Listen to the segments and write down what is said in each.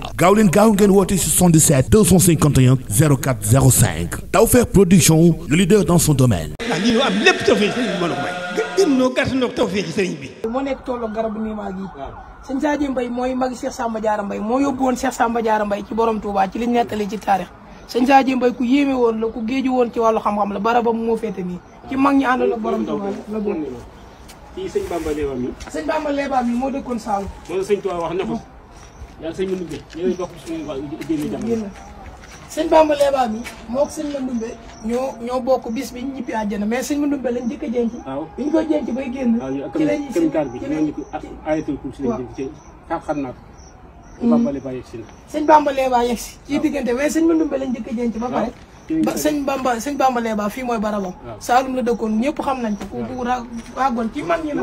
Dakar gaaw leen gaaw ngeen woote 77 251 Production le leader dans son domaine. ah lii ñu am lépp tawfeex sëriñ sëriñ bi. moo nekk tolloog garabu niimaa gi. sëñ Sadio Mbaye mooy magi Cheikh Samba Diarra moo yóbbu woon Cheikh Samba Diarra Mbaye ci borom Touba ci liñ nettali ci taarix sëñ Sadio Mbaye ku yéeme woon la ku géeju woon ci wàllu xam-xam la barabam moo féete nii ci mag ñi àndal ak borom Touba la bokk. kii moo dëkkoon Saalum. yàlla sëñ Mandoumbe ñooy bokk suñu waa génn jamono. sëñ Bamba Leeba mi moo ko sëñ ñoo ñoo bokk bis bi ñibbi àjjana mais sëñ Mandoumbe lañ njëkk a jenc. waaw bi ñu ko jenc bay génn. ci la ñuy bi ñoo ñu ko ayatul kursi lañ jëm ci xam naa ko. sëñ mm. Bamba Leeba yegg si na. sëñ Bamba Leeba yegg mais sëñ Mandoumbe lañ njëkk a jenc ba pare. ba sëñ Bamba sëñ Bamba Leeba fii mooy barabam. Saalum la dëkkoon ñëpp xam nañ ko. ku ku raagoon ci mag ñi la.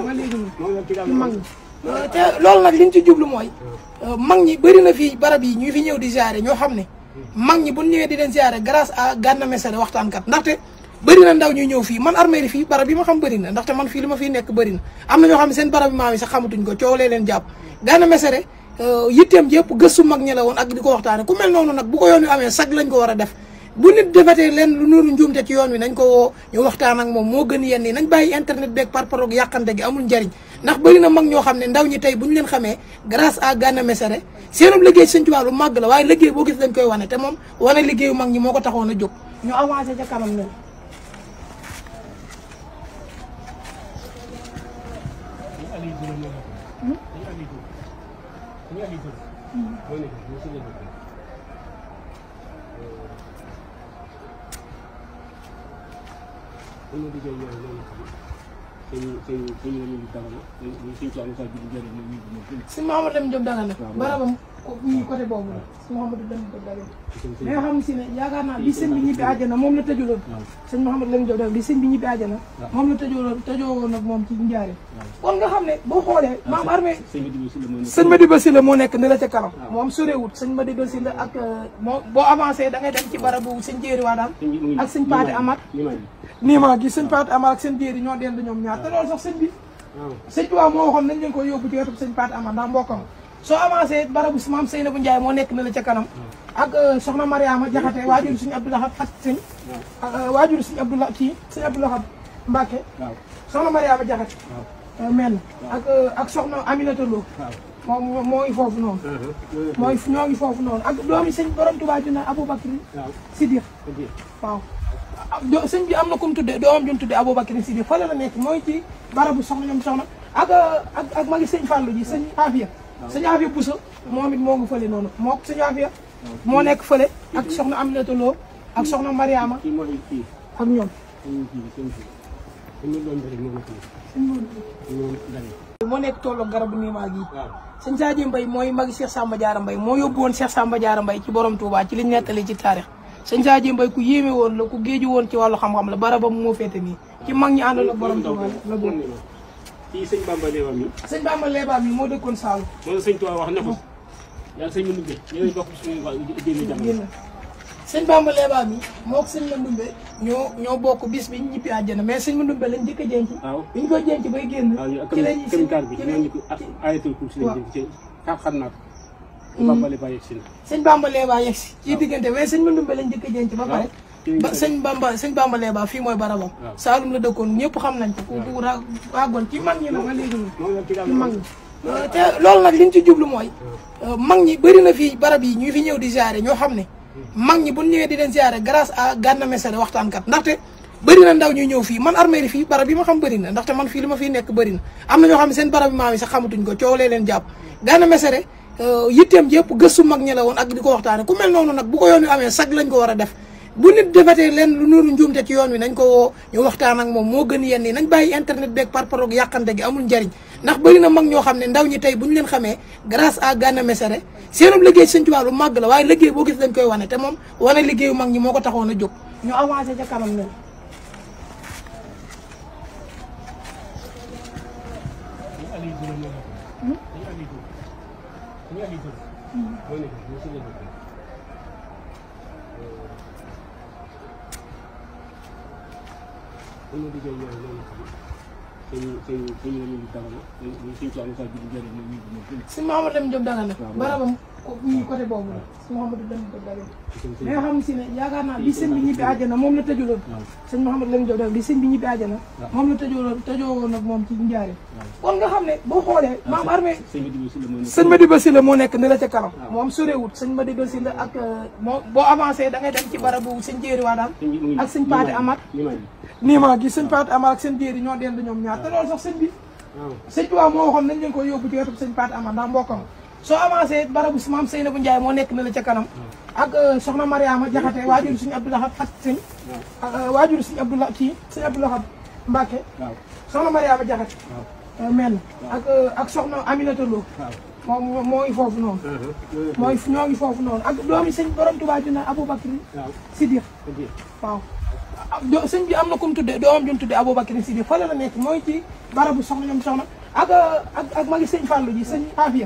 ci mag ñi Euh, te loolu nag li ñu ci jublu mooy euh, mag ñi bëri na fii barab yi ñu fi ñëw di jaare ñoo xam ne mag ñi bu ñu ñëwee di leen ziare grâce a Gana Messere waxtaankat ndaxte bëri na ndaw ñu ñëw fii man armée fii barab yi ma xam bëri na ndaxte man fii li ma fiy nekk bëri am na ñoo xam ne seen barab yi maam yi sax xamatuñ ko coow leen jàpp Gana Messere euh, yitteem yëpp gëstu mag ñi woon ak di ko waxtaane ku mel noonu nag bu ko yoon yu amee sag lañ ko war a def bu nit defatee leen lu nuru njuumte ci yoon wi nañ ko woo ñu waxtaan ak moom moo gën yenn yi nañ bàyyi internet beeg par parog yàqante gi amul njariñ ndax bëri na mag ñoo xam ne ndaw ñi tey bu ñu leen xamee grâce à Gana Messere seenub liggéey Sëñ Tuubaa lu màgg la waaye liggéey boo gis dañ koy wane te moom wane liggéeyu mag ñi moo ko taxoon a jóg ñu avancé ca kanam ñun dañoo liggéey yooyu loolu xam sëñ sëñ sëñ Mamadou Dagana sëñ Thierno Sall bi di jëriñ ñu ñu. si Mamadou la. si Mamadou Lamine Diop Dagana. mais nga si ne yaakaar naa bi sëñ bi ñibbi àjjana moom la tëjuloon. waaw sëñ Mamadou Lamine moom la tëjuloon tëjoowoon ak moom ci njaare. kon nga xam ne boo xoolee. maam armée sëñ Madiba Sylla moo nekk ne la ca kanam. waaw moom sorewut sëñ Madiba Sylla ak moo boo avancé da ngay dem ci barabu sëñ Jéeri Waadaan ak sëñ Paate Amar. nii maa gi sëñ Paate Amar ak sëñ Jéeri ñoo ah te loolu sax sëñ bi. sëñ bi waaw moo waxoon nañ leen ko yóbbu ci wetu sëñ Paate Amar ndax mbokkam soo avancé barabu maam Seynabou Ndiaye moo nekk na la ca kanam. ak euh, soxna Mariama Jaxate mm. waajur suñu Abdou Lahad ak sëñ. Mm. Euh, waajur suñu Abdou Lahad kii suñu Abdou Lahad Mbacke. Mm. soxna Mariama Jaxate. Euh, mel ak ak soxna Aminata Lo. moom moo ngi foofu noonu. Mm-hmm. Mm-hmm. mooy ngi foofu noonu ak doomi sëñ borom Tuubaa ju na Aboubacar Sidiq waaw. sëñ bi am na ku mu tuddee doomam ju mu tuddee Aboubacar Sidi fële la nekk mooy ci barabu soxna ñoom soxna ak ak ak magi sëñ Fallou ji sëñ Afia sëñ Afia Bousso moom it moo ngi fële noonu moo sëñ Afia moo nekk fële ak soxna Aminata Lo ak soxna Mariama ak ñoom moo nekk tolloog garabu niimaa gi sëñ Sadio Mbaye mooy magi Cheikh Samba Diarra Mbaye moo yóbbu woon Cheikh Samba Diarra Mbaye ci borom Touba ci liñ nettali ci taarix sëñ Sadio Mbaye ku yéeme woon la ku géeju woon ci wàllu xam-xam la barabam moo féete nii ci mag ñi àndoon ak borom Tuubaa la bokk kii sëñ Bamba moo dëkkoon Saalum moo sëñ Tuubaa wax ne ko yàlla sëñ Mandumbe ñooy bokk suñu génn jamono sëñ Bamba Leebam yi moo ak sëñ Mandumbe ñoo ñoo bokk bis bi ñibbi àjjana mais ma Mandumbe lañ jëkk a jenc waaw ñu ko jenc bay génn ci lañ ci lañ ayatul kursi xam naa ko sëñ bambale baa yegsi sëñ bambale baa yegsi ci diggante mais sëñ Mandumbe lañ njëkk a jënc ba pare ba sëñ bamba sëñ bambale baa fii mooy barabam saalum la dëkkoon ñëpp xam nañ ko ku raagoon ci mag ñi la ci mag ñi euh, te loolu nag liñ ci jublu mooy euh, mag ñi bëri na fii barab yi ñu fi ñëw di ziare ñoo xam ne hmm. mag ñi bu ñu ñëwee di leen ziare grâce à Gana Messere waxtaankat ndaxte bëri na ndaw ñuy ñëw fii man armée fii barab yi ma xam bëri na ndaxte man fii li ma fiy nekk bëri am na ñoo xam ne seen barab yi maam yi sax xamatuñ ko coow lee leen jàpp Gana Messere Euh, yitteem yëpp gëstu mag ñi la woon ak di ko waxtaane ku mel noonu nag bu ko yoon wi amee sag lañ ko war a def bu nit defatee lu nuru njuumte ci yoon wi nañ ko waxtaan ak moom moo gën yenn yi nañ bàyyi internet beeg par paroog yàqante gi amul njariñ ndax bëri na mag ñoo xam ne ndaw ñi tey bu ñu leen xamee grace à Gana Messere seenum liggéey Sëñ Tuubaa lu màgg la waaye liggéey boo gis dañ koy wane te moom wane liggéeyu mag ñi moo ko taxoon a jóg ñu avancé ca kanam suñu liggéey yooyu loolu suñu suñu suñu la ñuy dagana suñu suñu ci àll bi ko ñuy côté boobu la sëñ Mouhamadou nga xam si ne yaakaar naa bi sëñ bi ñibbi àjjana moom la tëjuloon sëñ Mouhamadou Lamine Diop David bi sëñ bi ñibbi àjjana moom la tëjuloon tëjoo woon moom ci njaare kon nga xam ne boo xoolee maam armée sëñ Madiba Sylla moo nekk ne la ca kanam ah. moom sorewut sëñ Madiba Sylla ak euh, boo avancé da ngay dem ci barabu sëñ jéeri waa daal ak sëñ Paate Amar nii maa gi sëñ Paate Amar ak sëñ jéeri ñoo dend ñoom ñaar te loolu sax sëñ bi ah. sëñ Tuubaa moo waxoon nañ leen ko yóbbu ci wetu sëñ Paate Amar ndax mbokkam soo avancé it barabu maam Seynabou Ndiaye moo nekk na la ca kanam ak euh, soxna Mariama Jaxate waajur suñu Abdou ak sëñ waajur suñu Abdou Lahad kii suñu Abdou Lahad Mbacke soxna Jaxate euh, mel euh, ak soxna Aminata Lo moom moo ngi foofu noonu uh-huh. Uh-huh. mooy ñoo ngi foofu noonu ak doomi sëñ borom Tuubaa ju na Aboubacry Sidir waaw sëñ ah, na ku mu tudde doomam ju mu tudde Aboubacry Sidir fa la la nekk mooy ci barabu soxna ñoom soxna ak ak ak magi sëñ Fallou ji sëñ Afia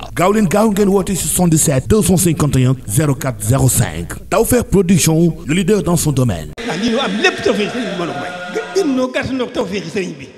waaw gaaw leen gaaw ngeen woote 77 251 04 05 Tawfekh Production le leader dans son domaine. Ah, am lépp tawfeex sëriñ bi mën a may. gën noo gàtt noo tawfeex sëriñ bi.